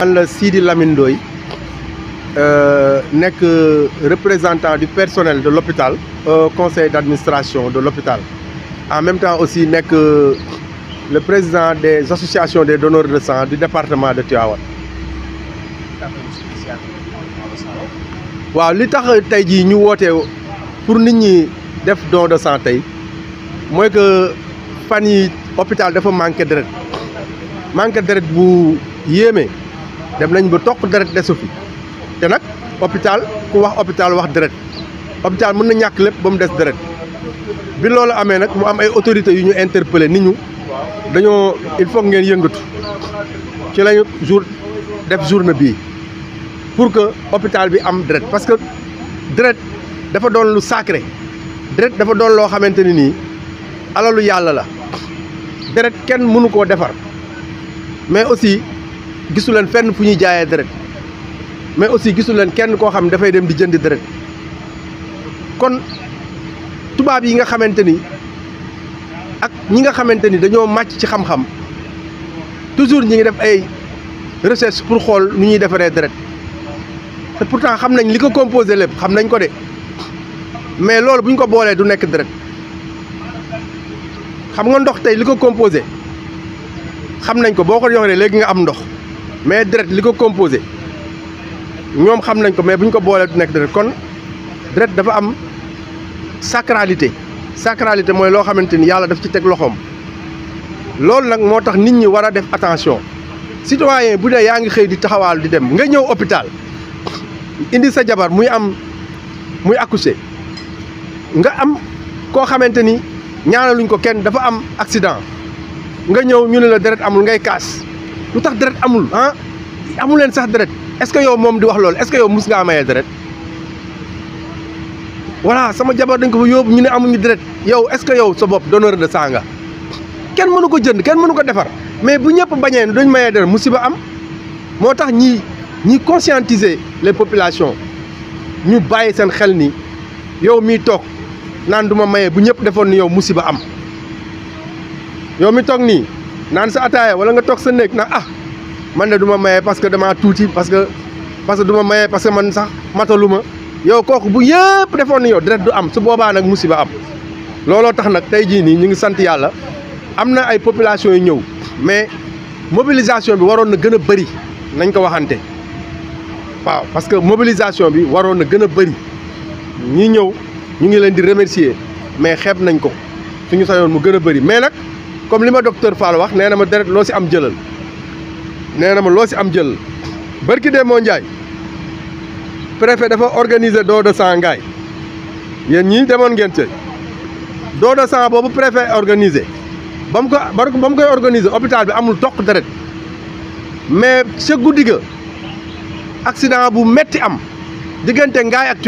man la Sidi Lamine Ndoye euh, nekk représentant du personnel de l'hôpital au euh, conseil d'administration de l'hôpital en même temps aussi nekk euh, le président des associations des donneurs de sant du département de Tivaouane waaw li tax tey jii ñu woote pour nit ñi def don de sant tey mooy que fan yi hôpital dafa manqué deret manqué deret bu yéeme dem nañ ba toq deret desu fi te nag hôpital ku wax hôpital wax deret hôpital mën na ñàkk lépp ba mu des deret bi loolu amee nag mu am ay autorités yu ñu interpellé nit ñu dañoo il faut ngeen yëngatu ci lañu jour def journée bii pour que hôpital bi am deret parce que deret dafa doon lu sacré deret dafa doon loo xamante ni nii alalu yàlla la deret kenn mënu koo defar mais aussi gisu leen fenn fu ñuy jaayee deret mais aussi gisu leen kenn koo xam dafay dem di jënd deret kon tubaab yi nga xamante ni ak ñi nga xamante ni dañoo màcc ci xam-xam toujours ñi ngi def ay recherche pour xool nu ñuy defaree deret te pourtant xam nañ li ko composé lépp xam nañ ko de mais loolu bu ñu ko boolee du nekk deret xam nga ndox tey li ko composé xam nañ ko boo ko joxee léegi nga am ndox mais deret li ko composé ñoom xam nañ ko mais bu ñu ko boolee du nekk deret kon deret dafa am sacralité sacralité mooy loo xamante ni yàlla daf ci teg loxoom loolu nag moo tax nit ñi war a def attention citoyen bu dee yaa ngi xëy di taxawaalu di dem nga ñëw hôpital indi sa jabar muy am muy accouché nga am koo xamante ni ñaanaluñ ko kenn dafa am accident nga ñëw ñu ne la deret amul ngay kaas lu tax deret amul ah amul leen sax deret est-ce que yow moom di wax loolu est-ce que yow mus ngaa mayee deret voilà sama jabar dañ ko fa yóbbu ñu ne amuñu deret yow est-ce que yow sa bopp donneur de sang kenn mënu ko jënd kenn mënu ko defar mais bu ñëpp bañee ne duñ mayee deret musiba am moo tax ñi ñi conscientiser les populations ñu bàyyi seen xel ni yow mii toog naan duma ma mayee bu ñëpp defoon ni yow musiba am yow mi toog nii naan sa ataaya wala nga toog sa néeg nag ah man de duma maye parce que damaa tuuti parce que parce que du ma maye parce man sax matalu ma yow kooku bu yëpp defoon na yow deret du am su boobaa nag musiba am. looloo tax nag tey jii nii ñu ngi sant yàlla am na ay population yu ñëw mais mobilisation bi waroon na gën a bëri nañ ko waxante waaw parce que mobilisation bi waroon na gën a bëri ñi ñëw ñu ngi leen di remercier mais xeeb nañ ko suñu sayoon mu gën a bëri mais nag. comme li ma docteur Fall wax nee na ma deret loo si am jëlal nee na ma loo si am jëlal barki dee moo Ndiaye préfet dafa organiser doo de sang ngaay yéen ñii demoon ngeen ci don de sang boobu préfet organiser ba mu ko ba mu koy organiser hôpital bi amul toq deret mais sa guddi ga accident bu metti am diggante ngaay ak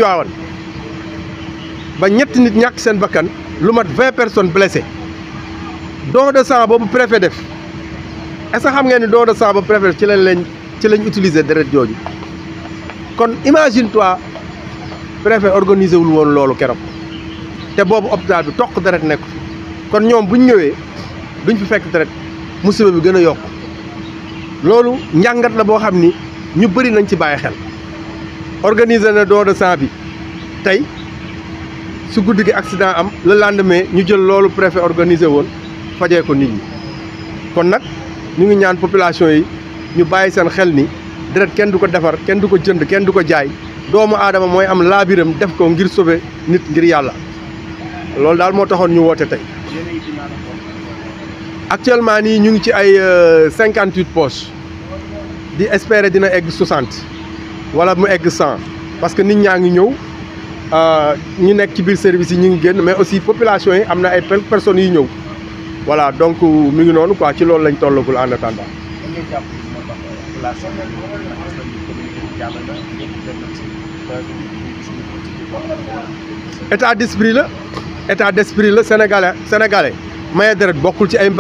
ba ñetti nit ñàkk seen bakkan lu mat vingt personnes blessées don de sang boobu préfet def est-ce xam nga ni don de sang ba préfet ci lañ leen ci lañ utiliser deret jooju kon imagine toi préfet organisé wul woon loolu keroog te boobu hôpital bi toq deret nekk kon ñoom bu ñu ñëwee duñ fi fekk deret musiba bi gën a yokk loolu njàngat la boo xam ni ñu bëri nañ ci bàyyi xel organisé na don de sang bi tey su guddi gi accident am le lendemain ñu jël loolu préfet organisé woon fajee ko nit ñi kon nag ñu ngi ñaan population yi ñu bàyyi seen xel ni deret kenn du ko defar kenn du ko jënd kenn du ko jaay doomu aadama mooy am laabiram def ko ngir sauver nit ngir yàlla loolu daal moo taxoon ñu woote tey actuellement nii ñu ngi ci ay euh, cinquante huit poches di espérer dina egg soixante wala mu egg cent parce que nit ñaa ngi ñëw euh, ñu nekk ci biir service yi ñu ngi génn mais aussi population yi am na ay personnes yu ñëw voilà donc mi ngi noonu quoi ci loolu lañ tollagul en attendant. état d'esprit la état d'esprit la sénégalais sénégalais maye deret bokkul ci ay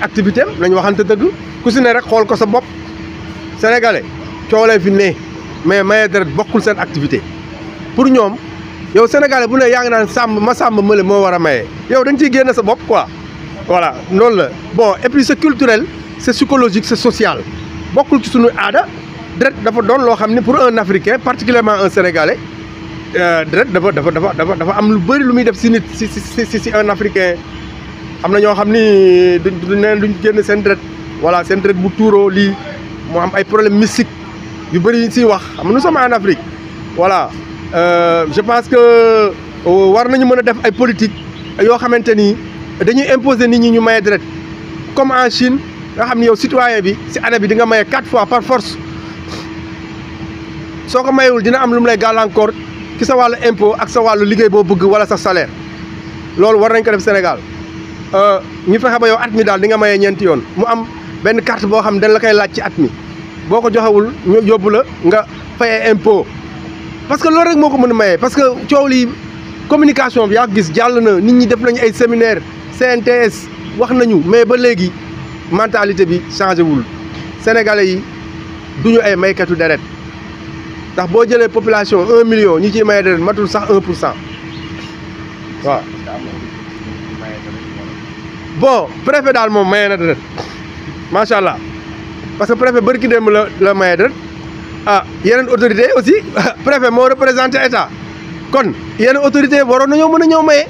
activité am nañu waxante dëgg ku si ne rek xool ko sa bopp sénégalais coolee fi ne mais maye deret bokkul seen activité pour ñoom yow sénégalais bu ne yaa ngi naan sàmm ma sàmm mële moo war a maye yow dañ ciy génne sa bopp quoi. voilà loolu la bon et puis c'est culturel c'est psychologique c'est social bokkul ci suñu aada deret dafa doon loo xam ne pour un africain particulièrement un sénégalais euh, deret dafa dafa dafa dafa am lu bëri lu muy def si nit si si en si africain am na ñoo xam ni duñ duñ neen duñ génn seen deret voilà seen deret bu tuuroo lii moo am ay problème mystique yu bëri si wax am nous sommes en Afrique voilà euh, je pense que euh, war nañu mën a def ay politique yoo xamante ni dañuy imposer nit ñi ñu maye deret comme en nga xam ne yow citoyen bi si année bi dinga nga maye quatre fois par force soo ko mayewul dina am lu mu lay gàllankoor ci sa wàllu impôt ak sa wàllu liggéey boo bëgg wala sa salaire loolu war nañ ko def Sénégal euh, ñu fexe ba yow at mi daal di nga maye ñeenti yoon mu am benn carte boo xam dañ la koy laaj ci at mi boo ko joxewul ñu yóbbu la nga fayee impo parce que loolu rek moo ko mën a maye parce que coow lii communication bi yaa gis jàll na nit ñi def nañu ay séminaire CNTS wax nañu mais ba léegi mentalité bi changé wul sénégalais yi duñu ay maykatu deret ndax boo jëlee population un million ñi ciy may deret matul sax un pour cent waaw boo préfet daal moom maye na deret macha allah parce que préfet bërki démb la la maye deret ah yeneen autorité aussi préfet moo représenté état kon yeneen autorité waroon nañoo mën a ñëw maye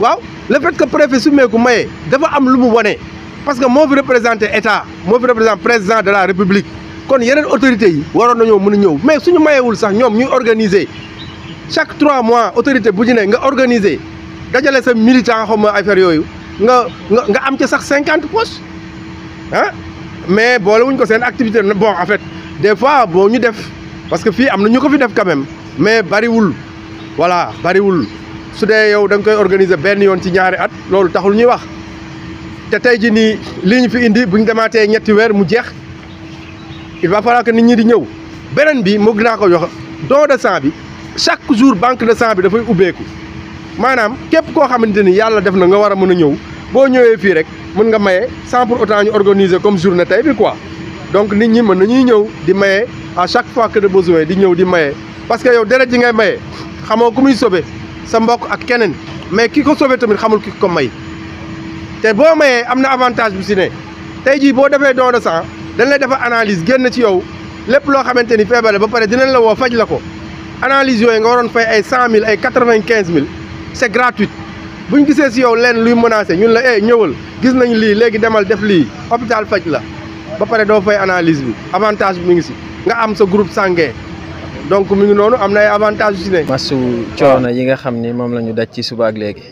waaw le fait que préfet summeeku maye dafa am lu mu wane parce que moo fi représenté état moo fi représenté président de la république kon yeneen autorité yi waroon nañoo mën a ñëw mais suñu wul sax ñoom ñu organiser chaque trois mois autorité bu ñu ne nga organiser dajale sa militant xaw ma affaire yooyu nga nga nga am ca sax cinquante poches ah mais boolewuñ ko seen activité bon en fait des fois boo ñu def parce que fii am na ñu ko fi def quand même mais bariwul voilà bariwul. su dee yow da nga koy organiser benn yoon ci ñaari at loolu taxul ñuy wax te tey ji nii li ñu fi indi ñu demaatee ñetti weer mu jeex il va falloir que nit ñi di ñëw beneen bi moo dinaa ko jox don de sang bi chaque jour banque de sang bi dafay ubbeeku maanaam képp koo xamante ni yàlla def na nga war a mën a ñëw boo ñëwee fii rek mën nga maye sans pour autant ñu organiser comme journée tey bi quoi donc nit ñi mën nañuy ñëw di maye à chaque fois que de besoin di ñëw di maye parce que yow deret ji ngay maye xamoo ku muy sobe sa mbokk ak keneen mais kii ko sauvé tamit xamul ki ko may te boo mayee am na avantage bu si ne tey jii boo defee don de sang dañ lay defar analyse génn ci yow lépp loo xamante ni feebar ba pare dinañ la woo faj la ko analyse yooyu nga waroon fay ay cent mille ay quatre-vingt-quinze mille c'est gratuit bu ñu gisee si yow leen luy menacé ñun la eh ñëwal gis nañu lii léegi demal def lii hôpital faj la ba pare doo fay analyse bi avantage bi mu ngi si nga am sa groupe sanguin donc mu ngi noonu am na ay avantages yu si ne. masu coono yi nga xam ni moom la ñu daj ci suba ak léegi.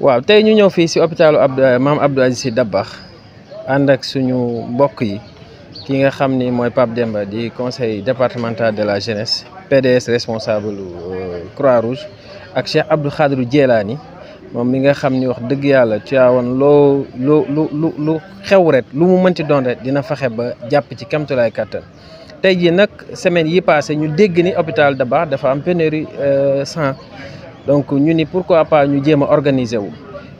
waaw tey ñu ñëw fii si hôpitalu Abdou eh, maam Abdou Aziz Sy Dabakh ànd ak suñu mbokk yi ki nga xam ni mooy Pape Demba di conseil départemental de la jeunesse PDS responsable euh, Croix-Rouge ak Cheikh Abdou Khadrou Djeylani moom mi nga xam ni wax dëgg yàlla ci wan loo lu lu lu xew ret lu mu mënti doon ret dina fexe ba jàpp ci kamtulaay kàttan tey jii nag semaine yi passé ñu dégg ni hôpital Dabakh dafa am pénurie euh, sang donc ñu ni pourquoi pas ñu jéem a organiser wu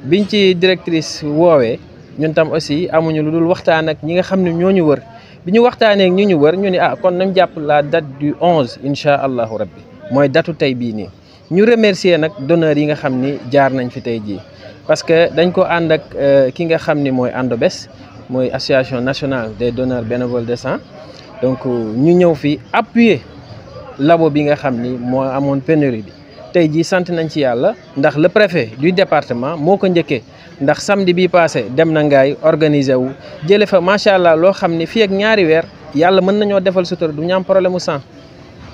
biñ ci directrice woowee ñun tam aussi amuñu lu dul waxtaan ak ñi nga xam ne ñoo ñu wër bi ñu waxtaanee ak ñu ñu wër ñu ni ah kon nañ jàpp la dat du 11 incha allahu rabbi mooy datu tey bii nii ñu remercier nag donneur yi nga xam ni jaar nañ fi tey jii parce que dañ ko ànd ak euh, ki nga xam ni mooy ANDOBES mooy association nationale des donneurs bénévoles de sang donc euh, ñu ñëw fi appuyer labo bi nga xam ni moo amoon pénurie bi tey jii sant nañ ci yàlla ndax la préfet du département moo ko njëkkee ndax samedi bi passé dem na ngay organiser wu jële fa macha allah loo xam ni fii ak ñaari weer yàlla mën nañoo defal sutura du ñaam problème mu sang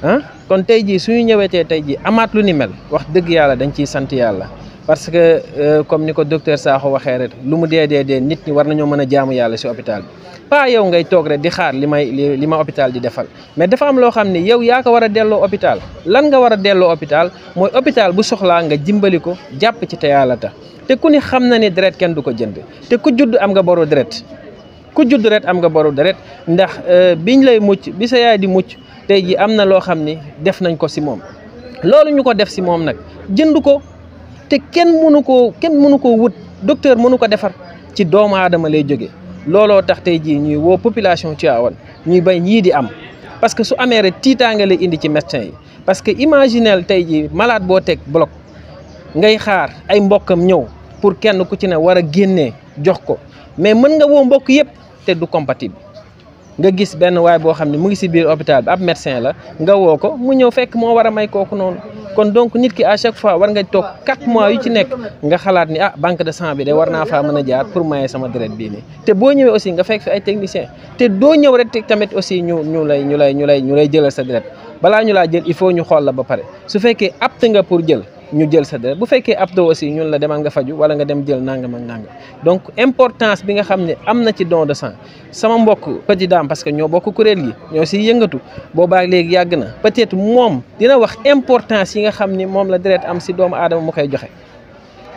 ah kon tey jii suñu ñëwetee tey jii amaat lu ni mel wax dëgg yàlla dañ ciy sant yàlla parce que euh, comme ni ko docteur Sakho waxee rek lu mu dee dee dee nit ñi war nañoo mën a jaamu yàlla si hôpital bi pas yow ngay toog rek di xaar li may li ma hôpital di defal mais dafa am loo xam ne yow yaa ko war a delloo hôpital lan nga war a delloo hôpital mooy hôpital bu soxlaa nga jimbali ko jàpp ci te yàlla tax te ku ni xam na ni deret kenn du ko jënd te ku judd am nga boru deret ku judd ret am nga boru deret ndax euh, di mucc tey ji am na loo xam ni def nañ ko si moom loolu ñu ko def si moom nag jënd ko te kenn mënu koo kenn mënu koo wut docteur mënu ko defar ci doomu aadama lay jóge looloo tax tey jii ñuy woo population Tivaouane ñuy bay ñii di am parce que su amee rek tiitaanga la indi ci médecin yi parce que imaginel tey jii malaat boo teg bloc ngay xaar ay mbokkam ñëw pour kenn ku ci ne war a génnee jox ko mais mën nga woo mbokk yëpp te du compatible nga gis benn waay boo xam ne mu ngi si biir hôpital bi ab médecin la nga woo ko mu ñëw fekk moo war a may kooku noonu kon donc nit ki à chaque fois war nga toog 4 mois yu ci nekk nga xalaat ni ah banque de sang bi de war naa faa mën a jaar pour maye sama deret bii nii te boo ñëwee aussi nga fekk fi ay technicien te doo ñëw rek tamit aussi ñu ñu lay ñu lay ñu lay ñu lay jëlal sa deret balaa ñu laa jël il faut ñu xool la ba pare su fekkee apte nga pour jël ñu jël sa deret bu fekkee ab doo aussi ñun la demal nga faju wala nga dem jël nangam ak nanga donc importance bi nga xam ne am na ci don de sang sama mbokk Petit Dame que ñoo bokk kuréel gi ñoo si yëngatu boobaay léegi yàgg na peut-être moom dina wax importance yi nga xam ni moom la deret am si doomu aadama mu koy joxe.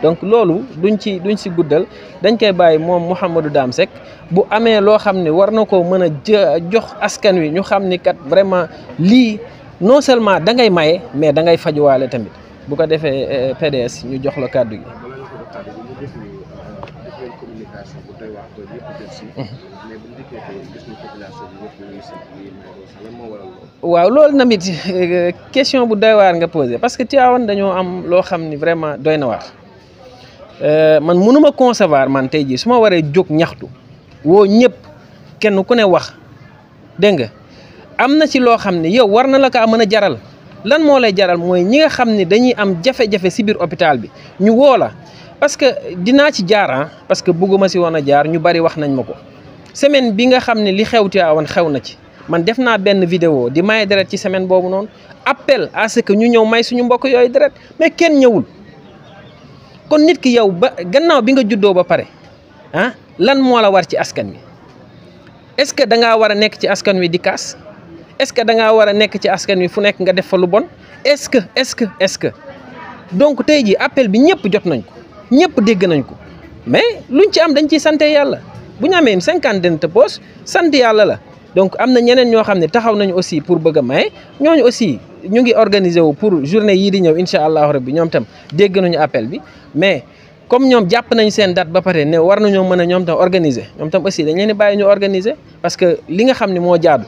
donc loolu duñ ci duñ si guddal dañ koy bàyyi moom Mouhamadou Dame Seck bu amee loo xam ne war na koo mën a jox askan wi ñu xam ni kat vraiment lii non seulement da ngay mais da ngay fajuwaale tamit. bu ko defee euh, PDS ñu jox la kàddu gi. waaw loolu namit euh, question bu doy waar nga posé parce que Tivaouane dañoo am loo xam ni vraiment doy na waar euh, man mënuma concevoir man tey jii su ma waree jóg ñaxtu woo ñëpp kenn ku ne wax dégg nga am na ci loo xam ne yow war na la kaa mën a jaral lan moo lay jaral mooy ñi nga xam ne dañuy am jafe-jafe si biir hôpital bi ñu woo la parce que dinaa ci jaar ah, parce que bëgguma si woon a jaar ñu bari wax nañ ma ko semaine bi nga xam ne li xew Tiwaawan xew na ci man def naa benn vidéo di maye deret ci semaine boobu noonu appel à que ñu ñëw may suñu mbokk yooyu deret mais kenn ñëwul kon nit ki yow ba gannaaw bi nga juddoo ba pare ah lan moo la war ci askan wi est-ce que da ngaa war a nekk ci askan wi di kaas est-ce que da ngaa war a nekk ci askan wi fu nekk nga def fa lu bon est-ce que est que est-ce que donc tey ji appel bi ñëpp jot nañ ko ñëpp dégg nañ ko mais lu luñ ci am dañ ciy sant yàlla bu ñu amee cinquante dent poche sant yàlla la donc am na ñeneen ñoo xam ne taxaw nañu aussi pour bëgg a ñooñu aussi ñu ngi organiser wu pour journée yii di ñëw incha allahu rabbi ñoom tam dégg nañu appel bi mais comme ñoom jàpp nañ seen date ba pare ne war nañoo mën a ñoom tam organiser ñoom tam aussi dañ leen di bàyyi ñu organiser parce que li nga xam ni moo jaadu.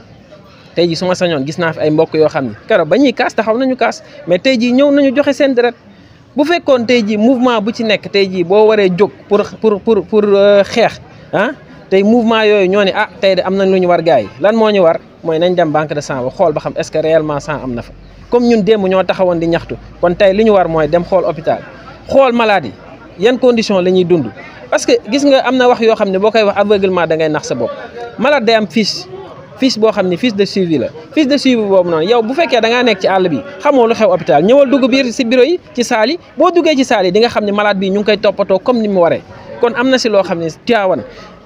tey ji su ma sañoon gis naa fi ay mbokk yoo xam ni keroog ba ñuy kaas taxaw nañu kaas mais tey jii ñëw nañu joxe seen deret bu fekkoon tey jii mouvement bu ci nekk tey jii boo waree jóg pour pour pour pour euh, xeex ah tey mouvement yooyu ñoo ne ah tey de am nañ lu ñu war gars yi lan moo ñu war mooy nañ dem banque de sang ba xool ba xam est que réellement sang am na fa comme ñun démb ñoo taxawoon di ñaxtu kon tey li ñu war mooy dem xool hôpital xool malade yi yan condition la ñuy dund parce que gis nga am na wax yoo xam ne boo koy wax aveuglement da ngay nax sa bopp malade am fiche fiche boo xam ne fiche de suivi la fiche de suivi boobu noonu yow bu fekkee da ngaa nekk ci àll bi xamoo lu xew hôpital ñëwal dugg biir si bureau yi ci saal boo duggee ci saal dinga xam ne malade bi ñu ngi koy toppatoo comme ni mu waree kon am na si loo xam ne Tiwaawan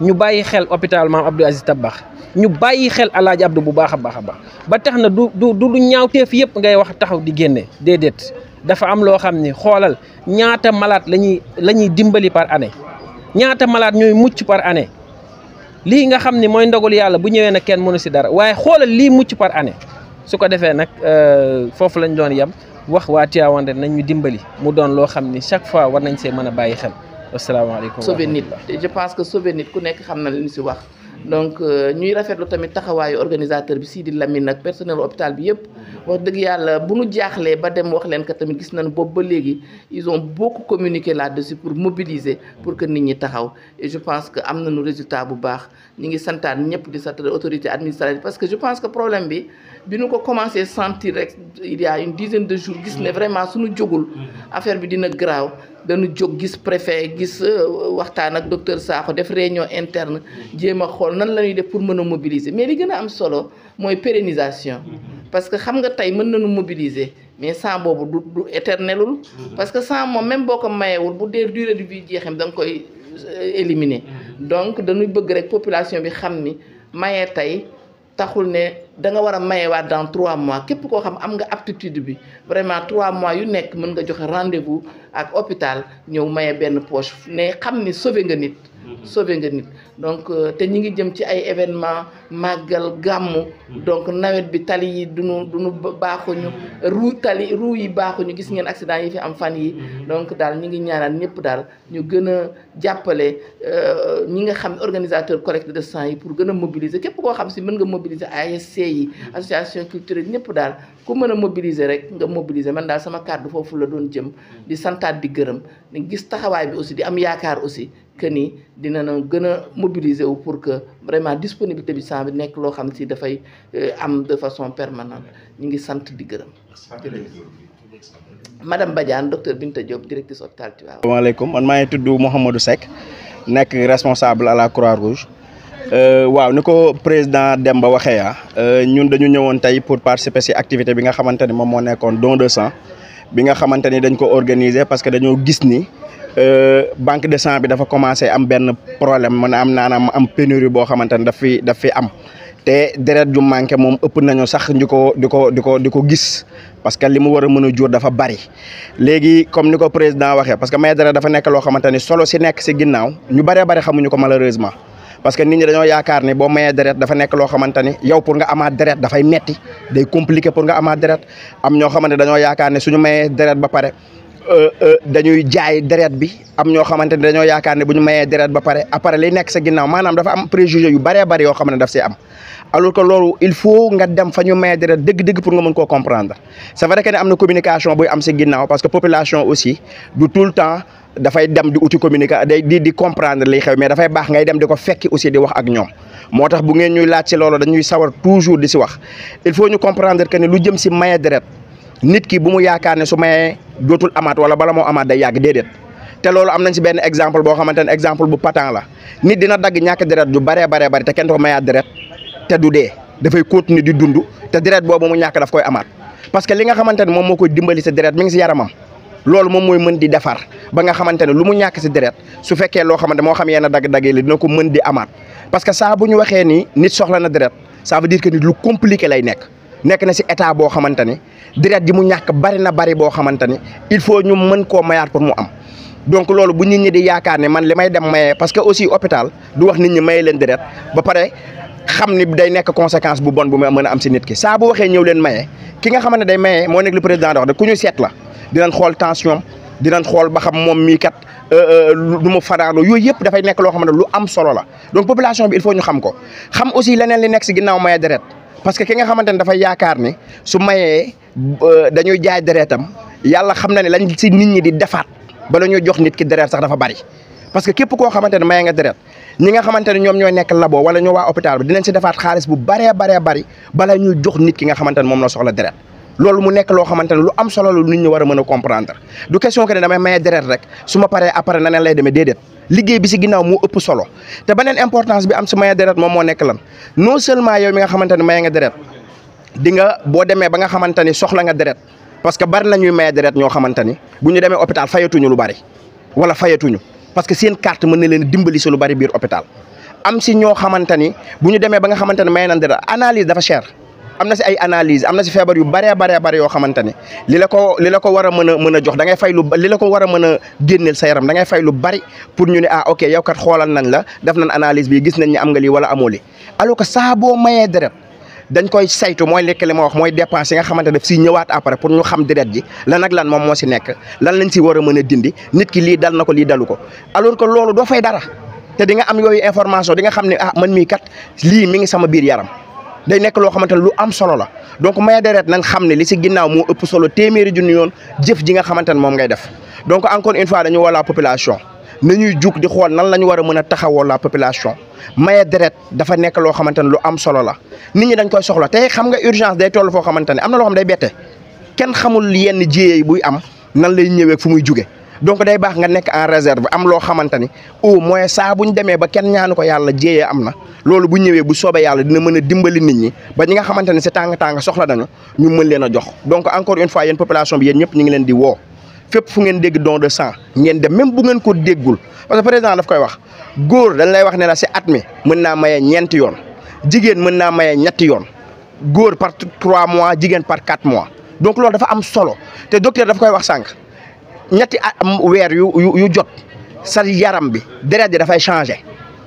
ñu bàyyi xel hôpital maam Abdou Aziz Dabakh ñu bàyyi xel alaaji Abdou bu baax a baax a baax ba tax na du du ñaaw ñaawteef yëpp ngay wax taxaw di génne déedéet dafa am loo xam ne xoolal ñaata malaat la ñuy la ñuy dimbali par année ñaata malade ñooy mucc par année lii nga xam ni mooy ndogul yàlla bu ñëwee na kenn mënu si dara waaye xoolal lii mucc par année su ko defee nag euh, foofu lañ doon yem wax waa Tivaouane nañ ñu dimbali mu doon loo xam ni chaque fois war nañ see mën a bàyyi xel asalaamaaleykum. sauver nit je pense que sauver nit ku nekk xam na li ñu si wax. donc euh, ñuy rafetlu tamit taxawaayu organisateur bi Sidi Lamine nag personnel hôpital bi yëpp wax dëgg yàlla bu nu jaaxlee ba dem wax leen que tamit gis nañ boobu ba léegi ils boo ko communiqué là-dessus pour mobiliser pour que nit ñi taxaw et je pense que am na nañu résultat bu baax ñu ngi santaan ñëpp di sant autorité administrative parce que je pense que problème bi bi nu ko commencé sentir rek il a une dizaine de jours gis ne vraiment suñu jógul mm. affaire bi dina graaw danu jóg gis préfet gis euh, waxtaan ak docteur Sakho def réunion interne jéem a xool nan la ñuy def pour mën a mobiliser mais li gën a am solo mooy pérennisation parce que xam nga tey mën nañu mobiliser mais sans boobu du du éternelul parce que sans moom même boo ko mayewul bu dee du de vie jeexam da nga koy euh, éliminer donc dañuy bëgg rek population bi xam ni maye tey taxul ne da nga war a mayewaat dans trois mois képp koo xam am nga aptitude bi vraiment trois mois yu nekk mën nga joxe rendez-vous ak hôpital ñëw maye benn poche ne xam ni sauvé nga nit Mhm. sauvé nga nit donc euh, te ñi ngi jëm ci ay événement màggal gàmmu mhm. donc nawet bi tali yi duñu duñu baaxuñu ruu tali ruu yi baaxuñu gis ngeen accident yi fi am fan yi mhm. donc daal ñi ngi ñaanal ñëpp daal ñu gën a jàppale euh, ñi nga xam organisateur collecte de sang yi pour gën a mobiliser képp koo xam si mën nga mobiliser ASC yi association culturelle ñëpp daal ku mën a mobiliser rek nga mobiliser man daal sama kàddu foofu la doon jëm di santaat di gërëm di gis taxawaay bi aussi di am yaakaar aussi que ni dinañ gën a mobiliser pour que vraiment disponibilité bi sang bi nekk loo xam si dafay euh, am de façon permanente ñu ngi sant di gërëm. madame Badiane docteur Binta Diop directrice hôpital Tivaouane. asalaamaaleykum man maa ngi tudd Mouhamadou Seck nekk responsable à la Croix Rouge. Euh, waaw ni ko président dem ba waxee ah euh, ñun dañu ñëwoon tey pour participer ci activité bi nga xamante ni moom moo nekkoon don de sang bi nga xamante ni dañ ko organiser parce que dañoo gis ni. Euh, banque de sang bi dafa commencé am benn problème mu ne am naanaam am pénurie boo xamante ne daf fi daf am te deret ju manqué moom ëpp nañu sax di ko di ko di ko di ko gis parce que li mu war a mën a jur dafa bari léegi comme ni ko président waxee parce que may deret dafa nekk loo xamante ni solo si nekk si ginnaaw ñu bëree bëri ko malheureusement parce que nit ñi dañoo yaakaar ni boo mayee deret dafa nekk loo xamante ni yow pour nga amaat deret dafay metti day compliqué pour nga amaat deret am ñoo xamante dañoo yaakaar ne suñu mayee deret ba pare Euh, euh, dañuy jaay deret bi am ñoo xamante ne dañoo yaakaar ne bu ñu mayee deret ba pare après li nekk sa ginnaaw maanaam dafa am préjugé yu bëree bëri yoo xam ne daf see am alors que loolu il faut nga dem fa ñu mayee deret dëgg-dëgg pour nga mën koo comprendre c'est vrai que ne am na communication buy am si ginnaaw parce que population aussi du tout le temps dafay dem di uti communication day di di comprendre liy xew mais dafay baax ngay dem di ko fekki aussi di wax ak ñoom moo tax bu ngeen laaj si loolu dañuy sawar toujours di si wax il faut ñu comprendre que ne lu jëm si maye deret nit ki bu mu yaakaar ne su mayee dootul amaat wala bala moo amaat day yàgg déedéet te loolu am nañ si benn exemple boo xamante ne exemple bu patent la nit dina dagg ñàkk deret du baree baree bari te kenn du ko mayaat deret te du dee dafay continuer di dund te deret boobu mu ñàkk daf koy amaat parce que li nga xamante ne moom moo koy dimbali sa deret mi ngi si yaramam loolu moom mooy mën di defar ba nga xamante ne lu mu ñàkk si deret su fekkee loo xamante moo xam yenn dagg-dagg yi la dina mën di amaat parce que saa bu ñu waxee ni nit soxla na deret ça veut dire que nit lu compliqué lay nekk nekk na si état boo xamante ne deret ji mu ñàkk bari na bari boo xamante ni il faut ñu mën koo mayaat pour mu am donc loolu bu nit ñi di yaakaar ne man li may dem mayee parce que aussi hôpital du wax nit ñi may leen deret ba pare xam ni day nekk conséquence bu bon bu ma mën a am si nit ki saa bu waxee ñëw leen mayee ki nga xamante ne day mayee moo nekk le président de wax de ku ñu seet la dinañ xool tension dinañ xool ba xam moom mii kat euh, euh, lu mu fanaanoo yooyu yëpp dafay nekk loo xam ne lu am solo la donc population il faut ñu xam ko xam aussi leneen li nekk si ginnaaw maye deret parce que ki nga xamante ne dafay yaakaar ni su mayee euh, dañuy jaay deretam yàlla xam na ne lañ si nit ñi di defaat bala ñuy jox nit ki deret sax dafa bari parce que képp koo xamante ne maye nga deret ñi nga xamante ne ñoom ñoo nekk labo wala ñoo waa hôpital bi dinañ si defaat xaalis bu bare baree bari bala ñuy jox nit ki nga xamante ne moom la soxla deret loolu mu nekk loo xamante ne lu am solo la nit ñi war a mën a comprendre du question que ne damay maye ma paree après na lay demee déedéet liggéey bi si ginnaaw moo ëpp solo te beneen importance bi am si maye deret moom moo nekk lan non seulement yow mi nga xamante ne maye nga deret di nga boo demee ba nga xamante ni soxla nga deret parce que bari na ñuy maye deret ñoo xamante ni bu ñu demee hôpital fayatuñu lu bari wala fayatuñu parce que seen carte mën na leen dimbali si lu bari biir hôpital am si ñoo xamante ni bu ñu demee ba nga xamante ne maye na deret analyse dafa cher. am na si ay analyse am na si feebar yu bëree baree bëri yoo xamante ne li la ko li la ko war mën a mën a jox dangay fay lu li la ko war a mën a génneel sa yaram da ngay lu bëri pour ñu ne ah ok yow kat xoolal nañ la def nañ analyse bi gis nañ ni am wala amoo lii alors que saa boo mayee deret dañ koy saytu mooy lekk li ma wax mooy dépense yi nga xamante daf siy ñëwaat après pour ñu xam deret ji lan lan moom moo si nekk lan lañ si war a mën a dindi nit dal na ko lii dalu ko alors que loolu doo fay dara te dinga am yooyu information di nga xam ne ah man mii kat lii mi ngi sama biir yaram day nekk loo xamante ne lu am solo la donc maye deret nañ xam ne li si ginnaaw moo ëpp solo téeméeri junni yoon jëf ji nga xamante ne moom ngay def donc encore une fois dañu woo la population na jug di xool nan la ñu war a mën a taxawoo la population maye deret dafa nekk loo xamante ne lu am solo la ni ñi dañ koy soxla tey xam nga urgence day toll foo xamante ne am na loo xam day bette kenn xamul yenn jiyee buy am nan lay ñëwee fu muy juge donc day baax nga nekk en réserve am loo xamante ni au moins saa bu ñu demee ba kenn ñaanu ko yàlla jéeyee am na loolu bu ñëwee bu soobee yàlla dina mën a dimbali nit ñi ba ñi nga xamante ne si tàng-tàng soxla nañu ñu mën leen a jox donc encore une fois yéen population bi yéen ñëpp ñu ngi leen di woo fépp fu ngeen dégg don de sang ngeen dem même bu ngeen ko déggul parce que président dafa koy wax góor dañ lay wax ne la si at mi mën naa maye ñeenti yoon jigéen mën naa maye ñetti yoon góor par trois mois jigéen par quatre mois donc loolu dafa am solo te docteur daf koy wax sànq ñetti am weer yu yu jot sa yaram bi deret ji dafay changé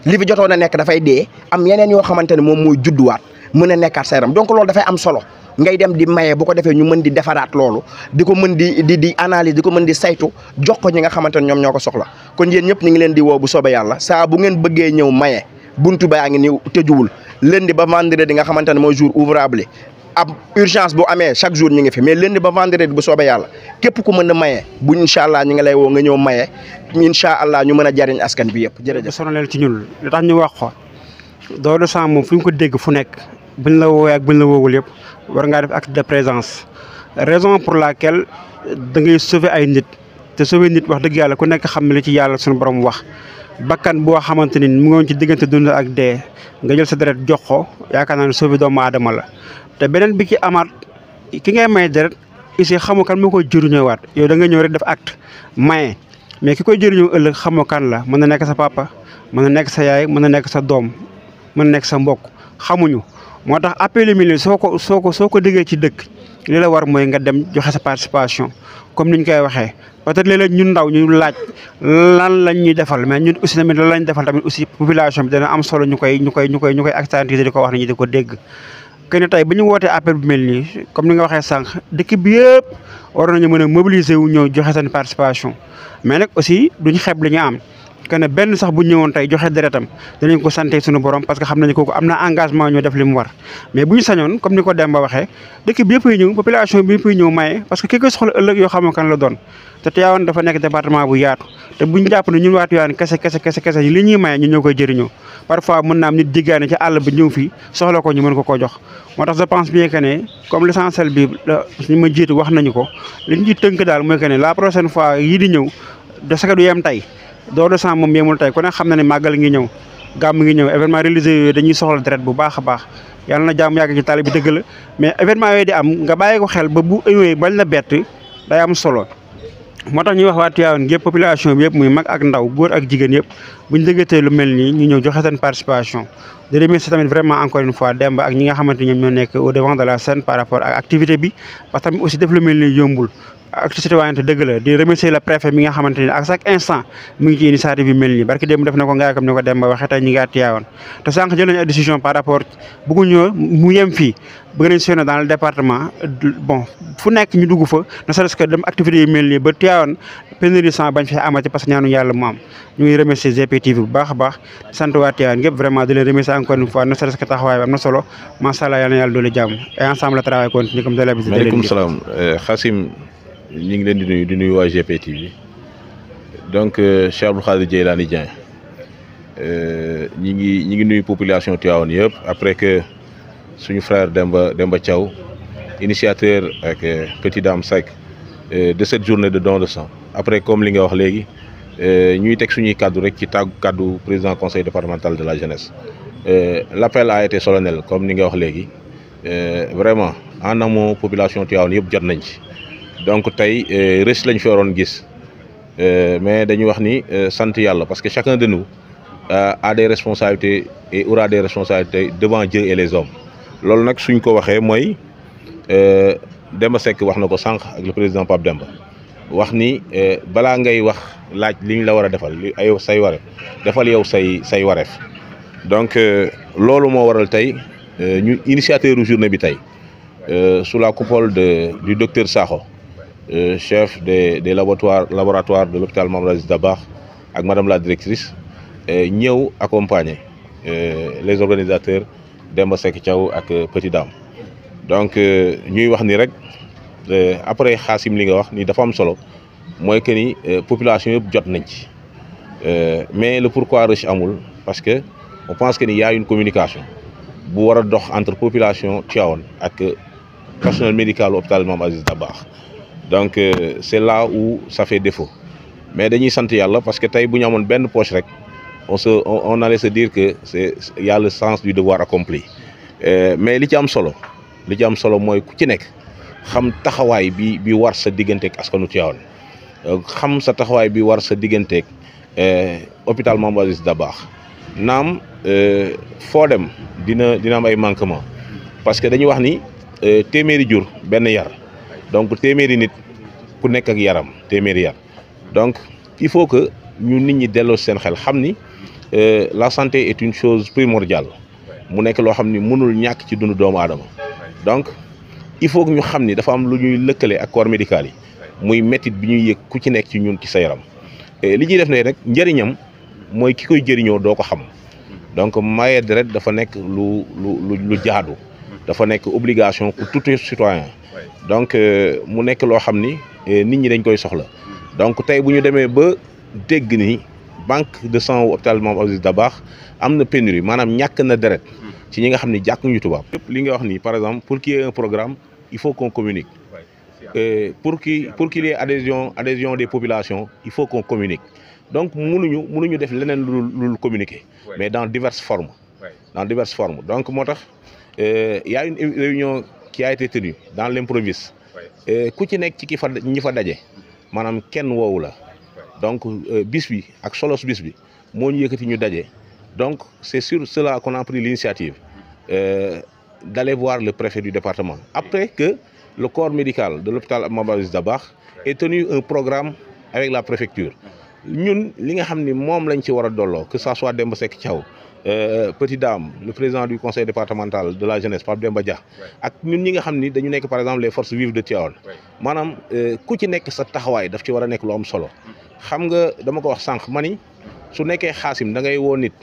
li fi jotoon a nekk dafay dee am yeneen yoo xamante ne moom mooy judduwaat mën a nekkaat sa yaram donc loolu dafay am solo ngay dem di maye bu ko defee ñu mën di defaraat loolu di ko mën di di di analyse di ko mën di saytu jox ko ñi nga xamante ne ñoom ñoo ko soxla kon yéen ñëpp ñu ngi leen di woo bu soobee yàlla saa bu ngeen bëggee ñëw maye buntu ba yaa ngi nii tëjuwul lundi ba vendredi nga xamante ne mooy jour ouvrable ab urgence bu amee chaque jour ñu ngi fi mais lundi ba vendredi bu soobee yàlla képp ku mën maye bu incha allah ñu lay woo nga ñëw maye incha allah ñu mën a jariñ askan bi yëpp jërëjëf. sonaleel ci ñun li tax ñu wax ko Dodo Samb moom fu ñu ko dégg fu nekk buñ la woowee ak buñ la woowul yëpp war ngaa def ak de présence raison pour laquelle da ngay sauver ay nit te sauver nit wax dëgg yàlla ku nekk xam ne li ci yàlla suñu borom wax. bakkan boo xamante ni mu ngi ci diggante dund ak dee nga jël sa deret jox ko yaakaar naa ne sauver doomu aadama la te beneen bi amaat ki usé xamoo kan moo koy jëriñoo waat yow da nga ñëw rek def acte maye mais ki koy jëriñoo ëllëg xamoo kan la mën na nekk sa papa mën na nekk sa yaay mën na nekk sa doom mën na nekk sa mbokk xamuñu moo tax appel milieu soo ko soo ko soo ko déggee ci dëkk li la war mooy nga dem joxe sa participation comme ni ñu koy waxee peut-être léeg-léeg ñun ndaw ñu laaj lan lañ ñuy defal mais ñun na tamit lan lañ defal tamit aussi population bi dana am solo ñu koy ñu koy ñu koy ñu koy accentuer di ko wax ni ñu di ko dégg que ne tey bu ñu wootee appel bu mel nii comme ni nga waxee sànq dëkk bi yëpp war nañu mën a mobiliser wu ñëw joxe seen participation mais nag aussi du ñu xeeb li ñu am. que ne benn sax bu ñëwoon tey joxe deretam dinañ ko sante suñu borom parce que xam nañu kooku am na engagement ñoo def li mu war mais bu ñu sañoon comme ni ko Demba waxee dëkk bi yëppay ñëw population bi yëppay ñëw maye parce que ki ko soxla ëllëg yoo xamoo kan la doon te Tivaouane dafa nekk département bu yaatu te bu ñu jàpp ne ñun waa Tivaouane kese kese kese kese li ñuy maye ñun ñoo koy jëriñoo parfois mën naa am nit jiggaane ci àll bi ñëw fii soxla ko ñu mën ko koo jox moo tax je pense di ñëw de ce que don de sang moom yemul tey ku ne xam na ne màggal ngi ñëw gàmm ngi ñëw événement religieux yooyu dañuy soxla deret bu baax a baax yàlla na jàmm yàgg ci tali bi dëgg la mais événement yooyu de am nga bàyyi ko xel ba bu ëwee ba la bett day am solo moo tax ñuy wax waa Tivaouane yëpp population bi yëpp muy mag ndaw góor ak jigéen yëpp bu ñu dëggatee lu mel nii ñu ñëw joxe seen participation di remercier tamit vraiment encore une fois Demba ak ñi nga xamante ñoom ñoo nekk au devant de la scène par rapport ak activité bi parce que tamit aussi def lu mel nii yombul acte citoyenneté dëgg la di remercier le préfet mu ngi ci initiative yu mel nii barki démb def na ko ngaa am a na solo macha allah yal doole jàmm et ensemble le travail continue comme de l'habitude. maaleykum salaam eh, Xasim ñu ngi leen di nuyu di nuyu waa GPTV donc euh, Cheikh Abdou Khadir Dieylani Dieng euh, ñi ngi ñi ngi nuyu population Tivaouane yëpp après que suñu frère Demba Demba Thiaw initiateur ak euh, Petit Dame Seck de cette journée de don de sang après comme li nga wax léegi ñuy teg suñuy kàddu rek ci tàggu kàddu président conseil départemental de la jeunesse l'appel a été solennel comme ni nga wax léegi vraiment en amont population Tivaouane yëpp jot nañ ci donc tey euh, rëcc lañ fi waroon gis euh, mais dañu wax ni euh, sant yàlla parce que chacun de nous a des responsabilités et aura des responsabilités devant Dieu et les hommes loolu nag suñ ko waxee mooy Demba Seck wax na ko sànq ak le président Pape Demba wax ni balaa ngay wax laaj liñ la war a defal li ay say wareef defal yow say say wareef donc loolu moo waral tey ñu initiateur journée bi tey sous la coupole de du docteur Sakho Euh, chef de des laboratoires laboratoire de l'hôpital Mame Aziz baax ak madame la directrice euh, ñëw accompagner euh, les organisateurs Demba Seck Thiaw ak Petit Dame donc ñuy wax ni rek après xaasim li nga wax ni dafa am solo mooy que ni population yëpp jot nañ ci mais le pourquoi rush amul parce que on pense que ni y une communication bu war a dox entre population Tivaouane ak personnel médical hôpital Mame Aziz baax donc euh, c'est là où ça fait défaut mais dañuy sant yàlla parce que tey bu ñu amoon benn poche rek on se on allait se dire que yàlla y a le sens du devoir accompli euh, mais li ci am solo li ci am solo mooy ku ci nekk xam taxawaay bi bi war sa digganteeg nu Tivaouane euh, xam sa taxawaay bi war sa digganteeg hôpital Mame Aziz baax naam foo dem dina dina am ay manquement parce que dañuy wax ni téeméeri jur benn yar donc téeméeri nit ku nekk ak yaram téeméeri yar donc il faut que ñu nit ñi delloo seen xel xam ni euh, la santé est une chose primordiale mu nekk loo xam ni mënul ñàkk ci dundu doomu aadama donc il faut que ñu xam ni dafa am lu ñuy lëkkale ak corps médical yi muy métit bi ñuy yëg ku ci nekk ci ñun ci sa yaram li ñuy def ne rek njëriñam mooy ki koy jëriñoo doo ko xam donc maye deret dafa nekk lu lu lu lu jaadu dafa nekk obligation pour tout citoyen donc euh, mu nekk loo xam ni euh, nit ñi dañ koy soxla donc tey bu ñu demee ba dégg ni banque de sang wu hôpital Mame Aziz Dabakh am na pénurie maanaam ñàkk na deret ci ñi nga xam ne jàkkuñu tubaab. li nga wax nii par exemple pour qu'il y un programme il faut qu'on communique euh, pour qu'il pour qu'il y ait adhésion adhésion des populations il faut qu'on communique donc mënuñu ñu def leneen lu lu communiquer mais dans diverses formes dans diverses formes il euh, y a une réunion qui a été tenue dans l'improviste euh, ku ci nekk ci ki fa ñi fa daje maanaam kenn woowu la donc euh, bis bi ak solos bis bi moo ñu yëkkati ñu daje donc c'est sur cela qu'on a pris l'initiative d'aller voir le préfet du département après que le corps médical de l'hôpital Mamadou Dabakh ait tenu un programme avec la préfecture ñun li nga xam ni moom lañ ci war a dolloo que ça soit Demba Seck Thiaw Euh, Petite Dame le président du conseil départemental de la jeunesse Pape Demba Dia ak ñun ñi nga xam ni dañu nekk par exemple les forces vives de Tivaouane maanaam euh, ku ci nekk sa taxawaay daf ci war a nekk lu am solo xam nga dama ko wax sànq ma ni su nekkee xaasim da ngay woo nit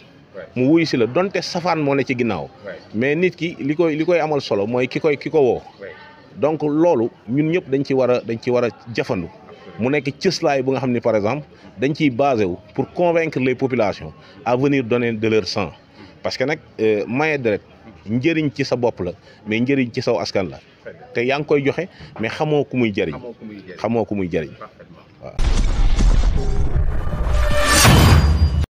mu wuyu si la donte safaan moo ne ci ginnaaw mais nit ki li koy li koy amal solo mooy ki koy ki ko woo donc loolu ñun ñëpp dañ ci war a dañ ci war a jafandu mu nekk cëslaay bu nga xam ni par exemple dañ ciy basé wu pour convaincre les populations à venir donner de leur sang parce que nag euh, maye deret njëriñ ci sa bopp la mais njëriñ ci saw askan la te yaa ngi koy joxe mais xamoo ko muy jëriñ xamoo ko muy jëriñ